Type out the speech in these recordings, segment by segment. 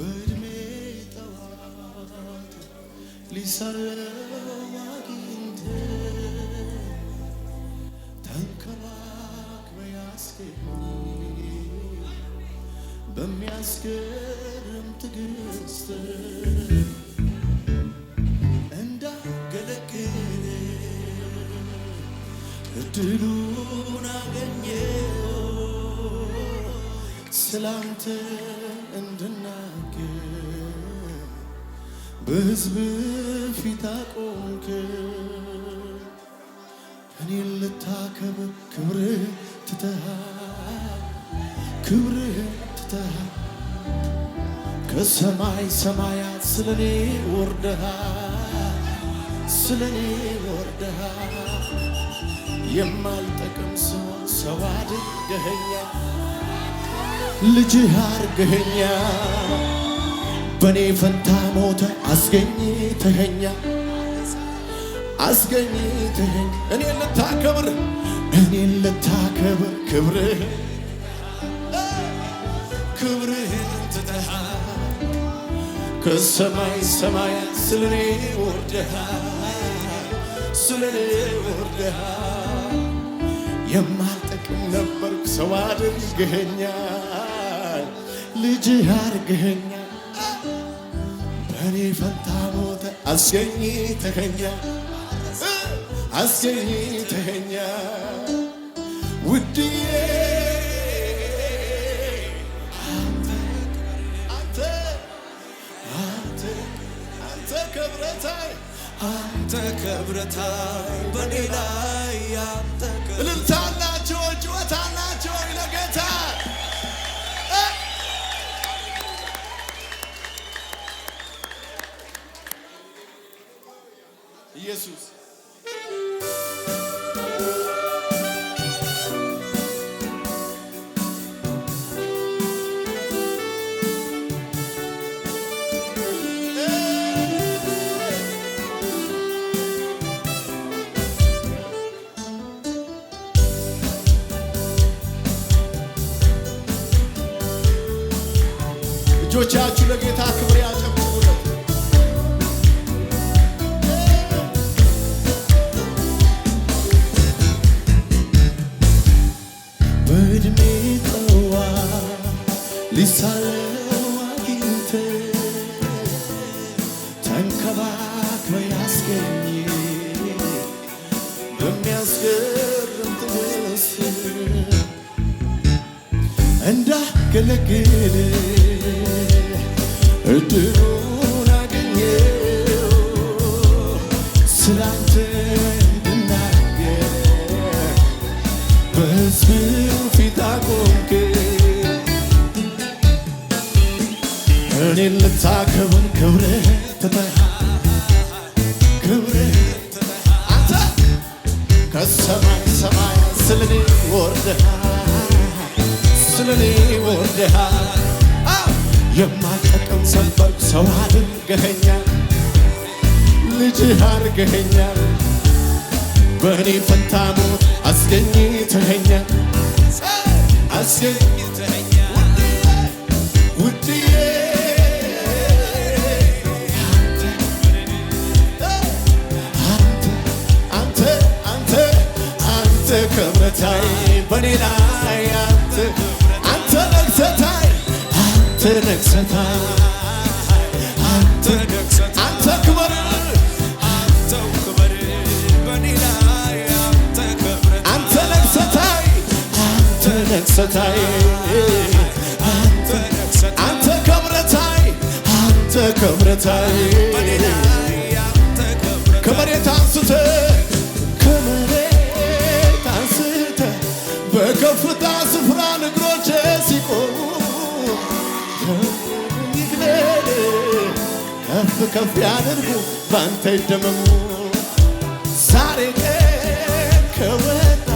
በእድሜ ጠዋት ሊሳለው አግኝተ ተንከባክበ ያስገኝ በሚያስገርም ትግስት እንዳገለግል እድሉን አገኘ ስላንተ እንድን በሕዝብ ፊት አቆምክ እኔ ልታከብር ክብርህ ትተሃል ክብርህ ትተሃል ከሰማይ ሰማያት ስለኔ ወርደሃል ስለኔ ወርደሃል የማልጠቅም ስሆን ሰው አድርገኸኛል ልጅህ አድርገኸኛል በኔ ፈንታ ሞተ አስገኝ ተኛ አስገኝ ተኝ እኔ ልታከብር እኔ ልታከብር ክብርህ ክብርህን ትተሃል ከሰማይ ሰማያት ስለኔ ወርደሃል ስለኔ ወርደሃል የማልጠቅም ነበርክ ሰው አድርገኸኛል ልጅህ አድርገኸኛል በእኔ ፈንታ ሞተ። አስገኝተኸኛ አስገኝተኸኛ ውድዬ አንተ ከብረታይ ላይ አንተ Jesus. ልጆቻችሁ ለጌታ ክብር ያጨ ትተሃል ክብርህ አንተ ከሰማይ ሰማይ ስለኔ ወርደሃል ስለኔ ወርደሃል የማልጠቅም ሰንበር ሰው አድርገኸኛል ልጅህ አድርገኸኛል በእኔ ፈንታ ሞት አስገኝተኸኛል ነግሰታይ በኔ ላይ አንተ አንተ ነግሰታይ አንተ ነግሰታይ አንተ አንተ ክበር አንተ ክበር በኔ ላይ አንተ ክብር አንተ ነግሰታይ አንተ ነግሰታይ አንተ ክብረታይ አንተ ክብረታይ በኔ ላይ አንተ ክብረታይ ክብሬታ አንስተህ በገባ ስፍራ እግሮች ሲቆሙ ይግደል ከፍ ከፍ ያደርጉ ባንተ ይደመሙ። ዛሬ ቀን ከወጣ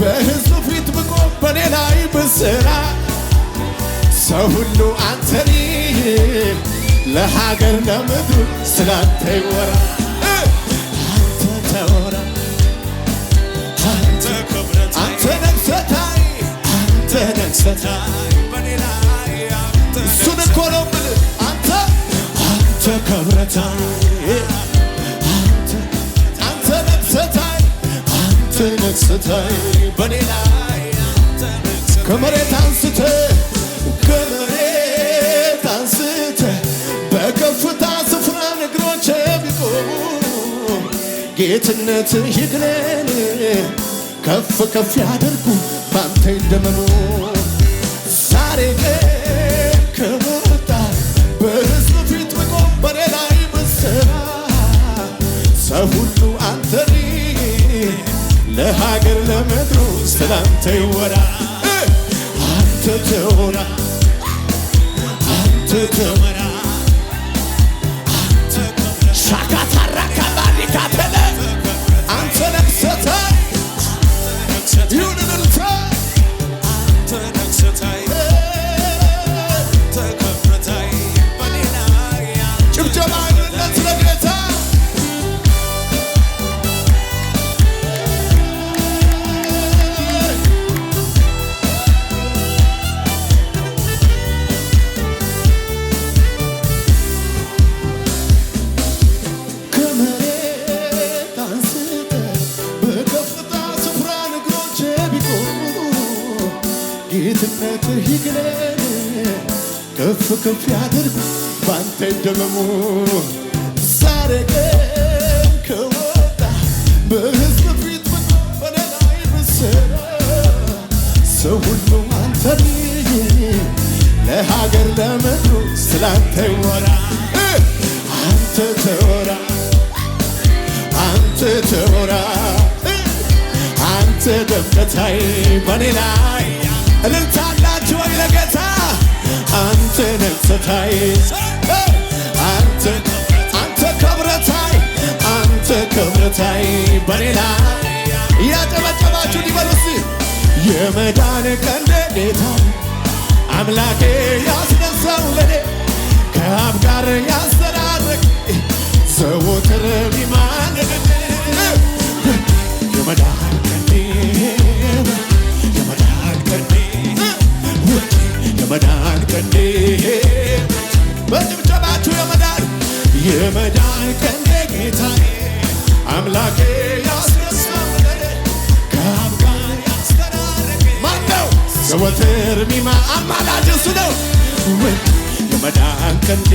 በሕዝብ ፊት ብቆ በኔ ላይ ብስራ ሰው ሁሉ አንተን ለሀገር ለምድሩ ስላንተ ይወራ ተነግሰታል። እሱን እኮ ነው የምልህ አንተ አንተ ከብረታል አንተ ከመሬት አንስተህ ከመሬት አንስተህ በከፍታ ስፍራ እግሮች ቢቆሙ ጌትነት ይግነን ከፍ ከፍ ያደርጉ ባንተ ይደመሙ ዛሬ ከመጣ በህዝብ ፊት ብቆም በኔ ላይ ምስራ ሰው ሁሉ አንተን ለሀገር ለመድሮ ስላንተ ይወራ አንተ ተወራ አንተ ተመራ de amor. ሌላ እያጨበጨባችሁ ሊበሉስ የመዳን ቀንደ ጌታ አምላኬ ያስነሳው ለኔ ከአብ ጋር ያስተዳረቅ ዘወት እርሚማ አማላጅ እሱ ነው ውድ የመዳን ቀንዴ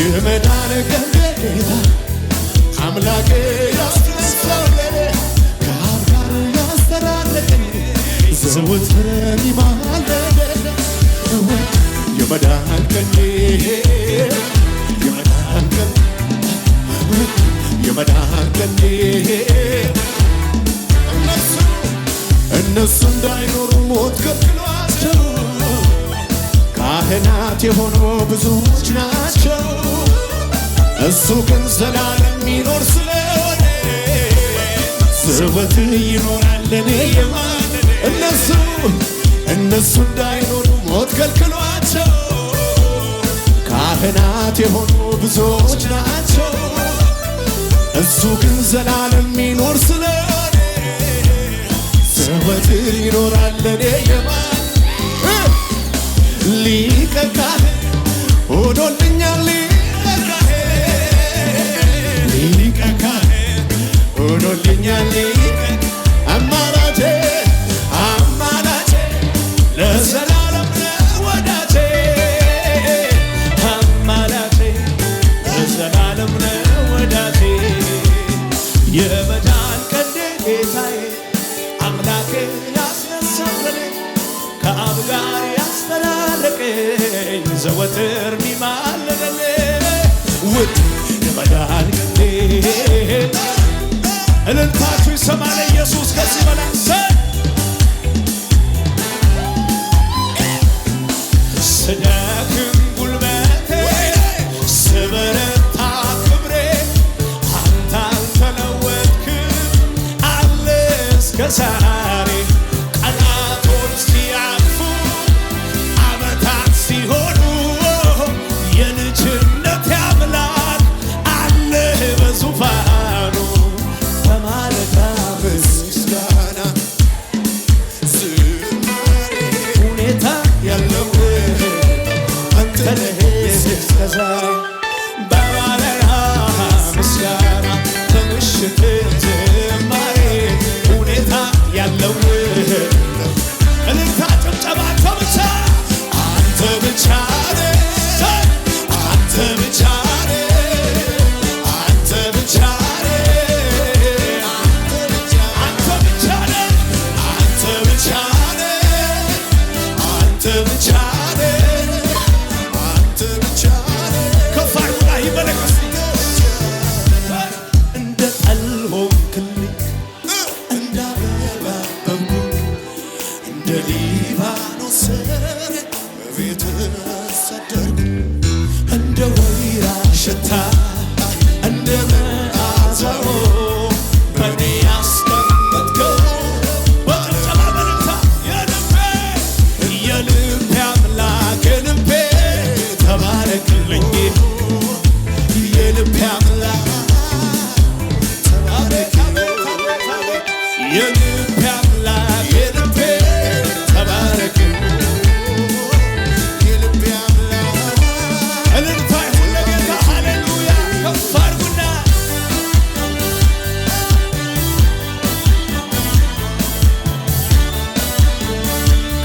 የመዳን ቀንዴ አምላኬ ዘወትር የሚማለደ የመዳን ቀንዴ የመዳን ቀንዴ እነሱ እንዳይኖሩ ሞት ከልክሏቸው ካህናት የሆኑ ብዙዎች ናቸው። እሱ ግን ዘላለም የሚኖር ስለሆነ ስበት ይኖራል። እኔ እነሱ እነሱ እንዳይኖሩ ሞት ከልክሏቸው ካህናት የሆኑ ብዙዎች ናቸው እሱ ግን ዘላለም ሚኖር ስለኔ ዘወትር ይኖራል የማን ሊቀ ካህን ሆኖልኛል ሊቀ ካህን ሆኖልኛል አማራ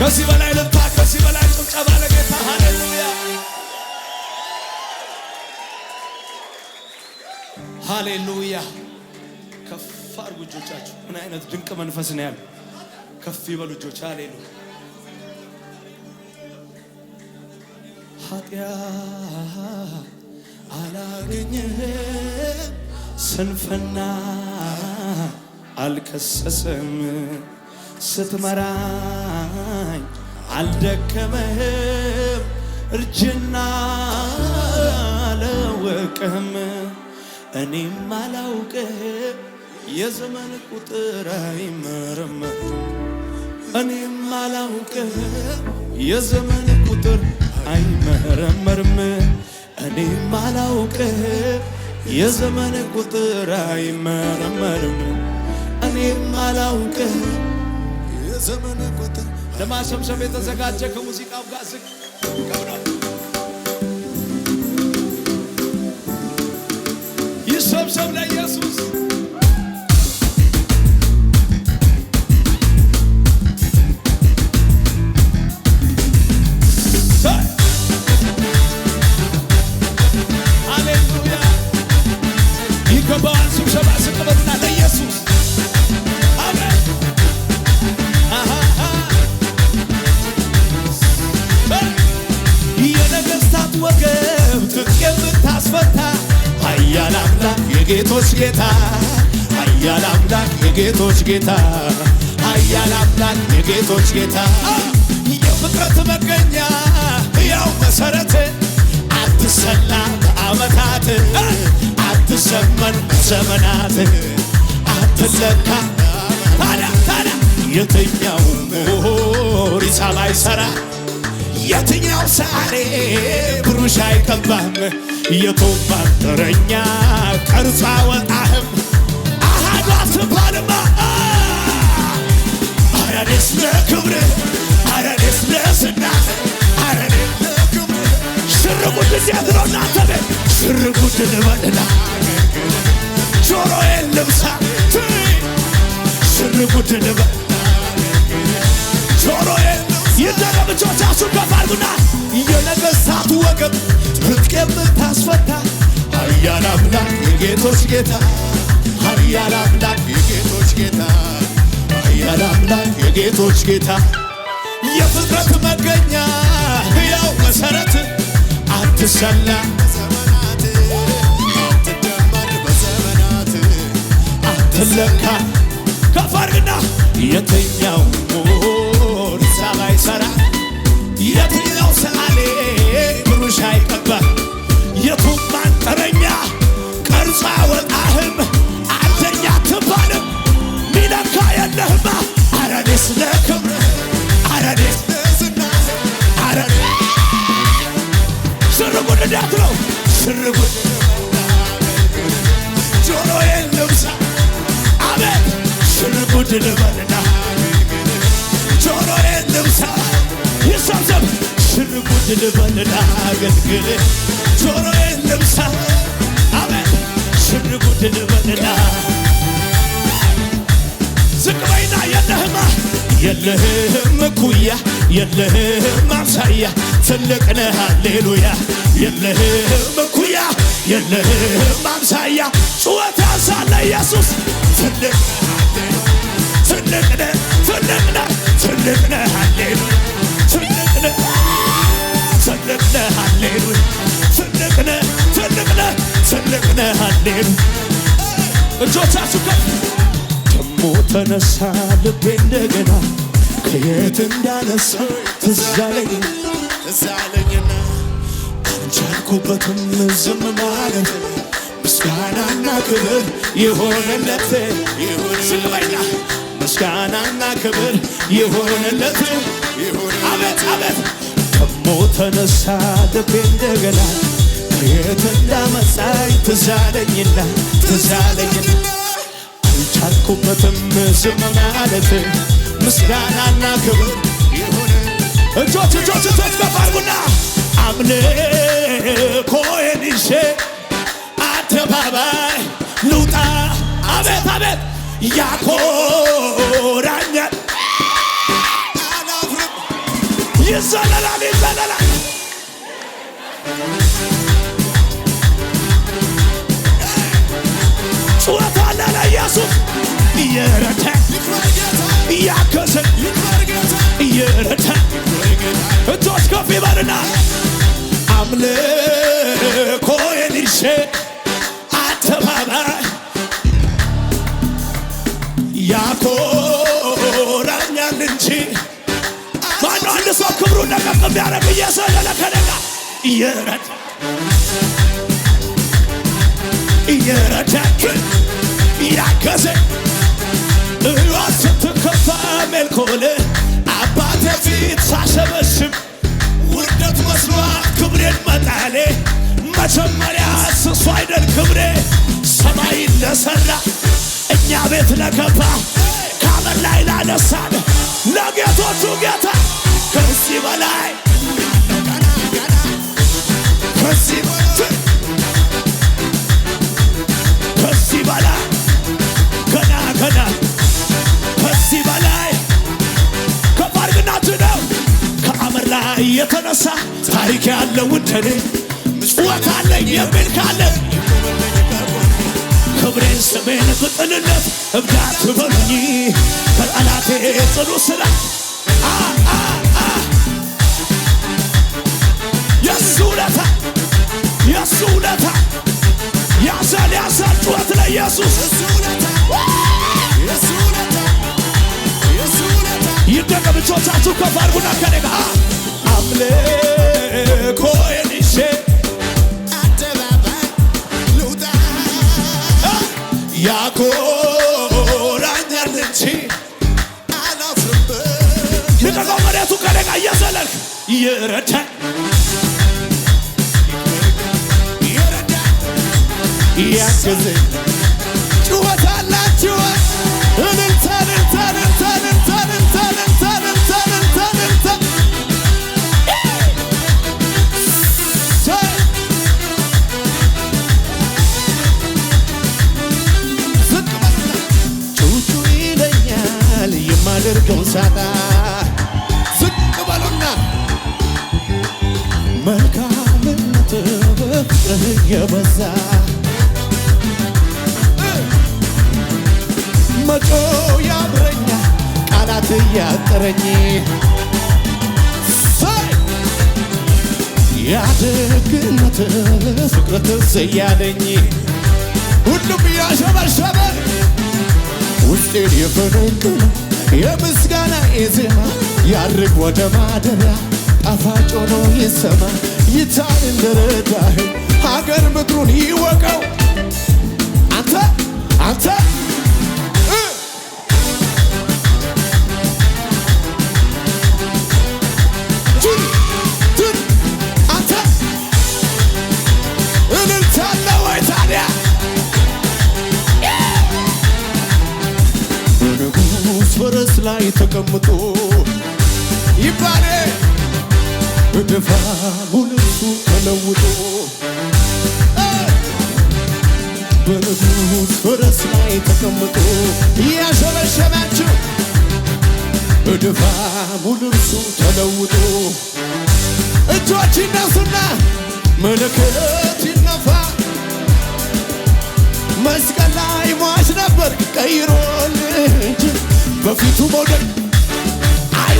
ከዚህ በላይ ልታ ከዚህ በላይ ጭብጨባ ለጌታ ሃሌሉያ ሃሌሉያ። ከፍ አድርጉ እጆቻችሁ። ምን አይነት ድንቅ መንፈስ ነው ያለው! ከፍ ይበሉ እጆች። ሃሌሉያ ኃጢአት አላገኘህም፣ ስንፍና አልከሰሰም ስትመራኝ አልደከመህም፣ እርጅና አላወቀህም፣ እኔም አላውቅህም። የዘመን ቁጥር አይመረመር፣ እኔም አላውቅህም። የዘመን ቁጥር አይመረመርም፣ እኔም አላውቅህም። የዘመን ቁጥር አይመረመርም፣ እኔም አላውቅህም ዘመን ቁጥር ለማሸምሸም የተዘጋጀ ከሙዚቃው ጋር ዝግ ይሸምሸም ለኢየሱስ የጌቶች ጌታ ኃያል አምላክ የጌቶች ጌታ ኃያል አምላክ የጌቶች ጌታ የፍጥረት መገኛ ያው መሰረት አትሰላ በዓመታት አትሰመን ዘመናት አትለካ የትኛው ምሁር ሂሳብ አይሠራ የትኛው ሳሬ ብሩሽ አይቀባም የተባጠረኛ ቀርጻ ወጣህም አሃዷ ስባልማ አረኔስ ለክብር አረኔስ ለስናት አረኔ ሽርጉድ ሲያድረው እናንተ ሽርጉድ ልበልና ጆሮዬ የጌቶች ጌታ ኃያል አምላክ የጌቶች ጌታ ኃያል አምላክ የጌቶች ጌታ የፍጥረት መገኛ ሕያው መሠረት አትሰላ በዘመናት አትደመር በዘመናት አትለካ ከፋርግና የትኛው ሞር ሂሳብ አይሠራ የትኛው ሰዓሌ ብሩሽ አይቀባ የቱም አንጥረኛ አያወጣህም፣ አንተኛ አትባልም፣ ሚነካ የለህማ። አረ እኔ ስለ ክብርህ፣ አረ እኔ ነው ሽርጉድ ጆሮዬን ልብሳ አቤት ሽርጉድ ልበልና ጆሮዬን ልብሳ ይሰብሰብ ሽርጉድ ልበልና አገልግል ጆሮዬን ልብሳ ጉድል በልና ዝቅ በይና የለህማ የለህም እኩያ የለህም አምሳያ ትልቅ ነህ ሃሌሉያ የለህም እኩያ የለህም አምሳያ ጩኸት ያንሳለ ኢየሱስ ትልቅ ትልቅ ነህ ትልቅ ነህ ትልቅ ነህ ሃሌሉያ ትልቅ ነህ ትልቅ ነህ ሃሌሉያ ትልቅ ነህ ትልቅ ነህ ትልቅ ነህ ሁሌም እጆቻችሁ ከፍ ደሞ ተነሳ ልቤ እንደገና ከየት እንዳነሳ ትዝ አለኝ አንቻልኩበትም ዝም ማለት ምስጋናና ክብር ይሆንለት ይሆንልና ምስጋናና ክብር ይሆንለት አቤት አቤት ደሞ ተነሳ ልቤ እንደገና ቤት እንዳመሳይ ትዛለኝና ትዛለኝና አልቻልኩበትም ዝም ማለት ምስጋናና ክብር እጆች እጆች እጆች አምልኮዬን ይዤ አደባባይ ልውጣ። አቤት አቤት ያኮራኛል። ይዘለላል ይዘለላል ጩኸት አለ ለኢየሱስ እየረዳን እያገዘን እየረዳን እጆች ከፍ ይበልና አምልኮዬን ይዤ አደባባይ ያኮራኛል እንጂ ማነው አንድ ሰው ክብሩን ለቀቅ የሚያደርግ እየዘለለ ከደጋ እየረዳ እየረዳችን ያገዘ እሏት ስትከፋ ሜልኮል አባቴ ፊት ሳሸበሽም ውርደት መስሏት ክብሬን መጣሌ መጀመሪያ ስሱ አይደል ክብሬ ሰማይ ለሰራ እኛ ቤት ለገባ ካመን ላይ ላነሳን ለጌቶቹ ጌታ ከዚህ በላይ ከዚህ በላይ በላይ ገና ገና ከዚህ በላይ ከፋርግናት ነው ከአመር ላይ የተነሳ ታሪክ ያለው ውደኔ ምጽወት አለኝ የሚል ካለ ክብሬን ስሜን ቅጥልነት እብዳት በሉኝ ከጠላቴ ጽኑ ስራ ኢየሱስ ይደገም። እጆቻችሁ ከፍ አድርጉና ከኔ ጋር አምልኮዬን ይዤ አደባባይ ልውጣ ያኮራኛል እንጂ አላፍርበት። ልቀቀው መሬቱ ከኔ ጋር እየዘለልክ ይረዳል ያግዘኝ መልካምነት ፍቅርህ የበዛ መጮ ያምረኛ ቃላት እያጠረኝ ያደግነት ፍቅር ትዝ እያለኝ ሁሉም እያሸበሸበ ውስጤን የፈነቀለ የምስጋና የዜማ ያድርግ ወደ ማደሪያ ጣፋጭ ሆኖ ይሰማ ይታይ እንደረዳህ ሀገር ምድሩን ይወቀው አንተ አንተ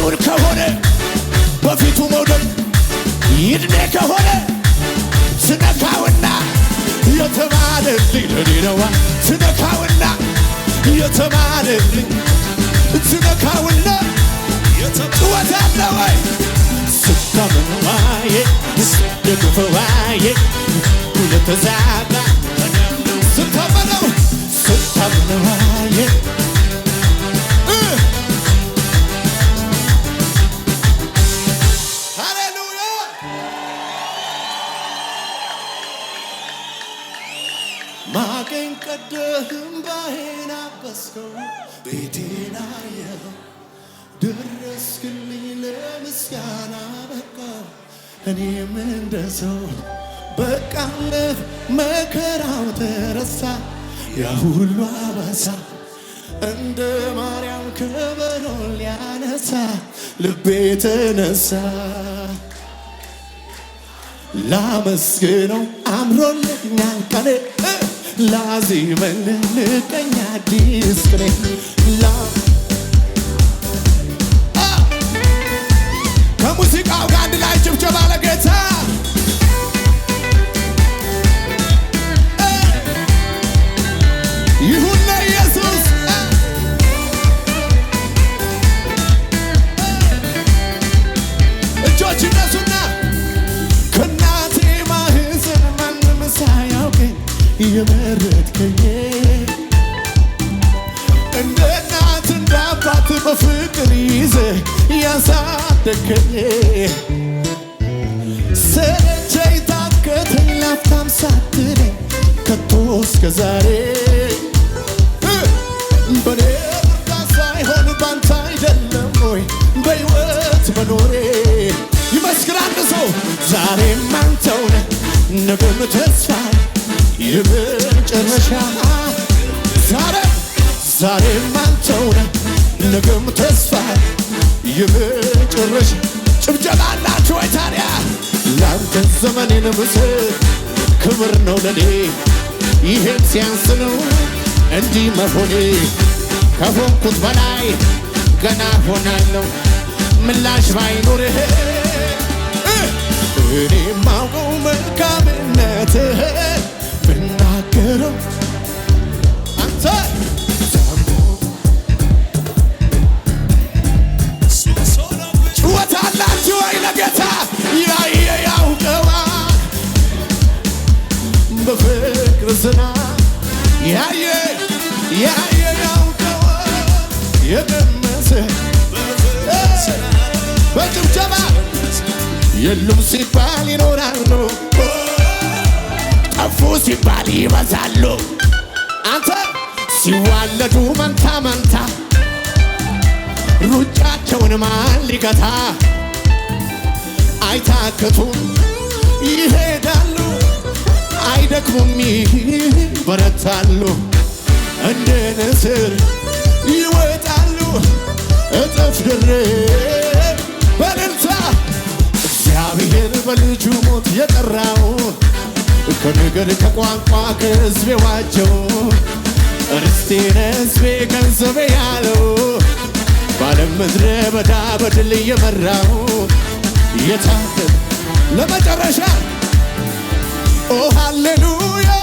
ይሁን ከሆነ በፊቱ መውደድ ይድኔ ከሆነ ስነካውና የተማለልኝ ለኔ ነዋ ስነካውና የተማለልኝ ስነካውና ጥወት አለወይ ስታምንዋዬ ደግፈዋዬ ሁለተዛባ ስታምነው ስታምነዋዬ እኔም እንደ ሰው በቃለፍ መከራው ተረሳ ያ ሁሉ አበሳ እንደ ማርያም ከበሮ ሊያነሳ ልቤ ተነሳ ላመስግነው አምሮልኛል ቀኔ ላዜመን ልቀኝ አዲስ ቅኔ ከሙዚቃው ጋር ጭብጨባ ለጌታ ይሁን ለኢየሱስ እጆች እነሱና ከእናቴ ማህፀን ማንም ሳያውቀኝ የመረጥከኝ እንደ እናት እንደ አባት በፍቅር ይዘህ ያሳደግከኝ ሰለቸኝ ላፍታም ሳትለኝ ከቶ እስከ ዛሬ በኔ ሳይሆን ባንተ አይደለም ወይ በሕይወት መኖሬ ሰው ዛሬም አንተው ነህ ነገም ተስፋ የመጨረሻ ዛሬ ዛሬም አንተው ነህ ነገም ተስፋ የመጨረሻ ጭብጨባ አላችሁ ወይ ታዲያ የዘመኔን ምስል ክብር ነው ለኔ ይሄን ሲያንስ ነው እንዲህ መሆኔ ከሆንኩት በላይ ገና ሆናለሁ ምላሽ ባይኖርህ እኔ ማውቀው መልካምነትህ ብናገረው አንተ ጩኸት ወይ ለጌታ ያየያ በፍቅር ዝናብ ያየ ያየ ያውቀዋል የደመሰ በጭብጨባ የሉም ሲባል ይኖራሉ፣ ጠፉ ሲባል ይበዛሉ። አንተ ሲዋለዱ መንታ መንታ ሩጫቸውን ማን ሊገታ አይታክቱም ይሄዳሉ አይደክሙም፣ በረታሉ እንደ ንስር ይወጣሉ እጥፍ ድርብ በእልልታ እግዚአብሔር በልጁ ሞት የጠራው ከነገድ ከቋንቋ ከሕዝብ የዋጀውን እርስቴ ነህዝቤ ገንዘቤ ያለው ባለም ምድረ በዳ በድል እየመራው የታደለ ለመጨረሻ ኦ ሃሌሉያ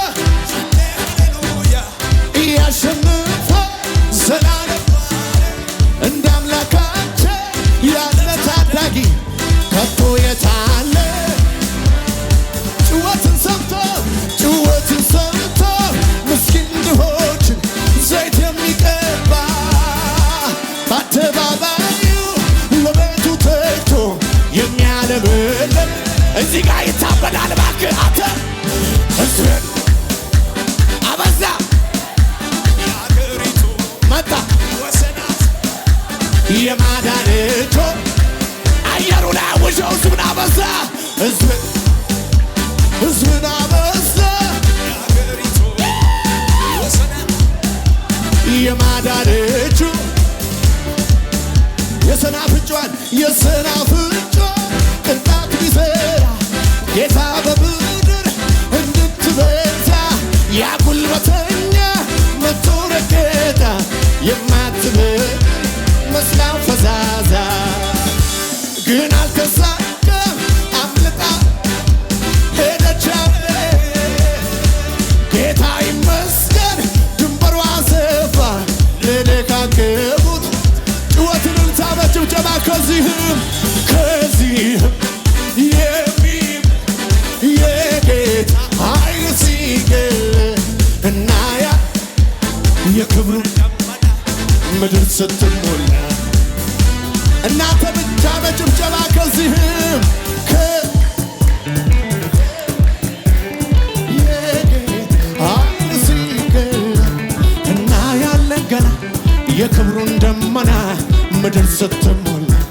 እያሸንፈ ዘላለም እንደ አምላካችን ታዳጊ ከቶ የታ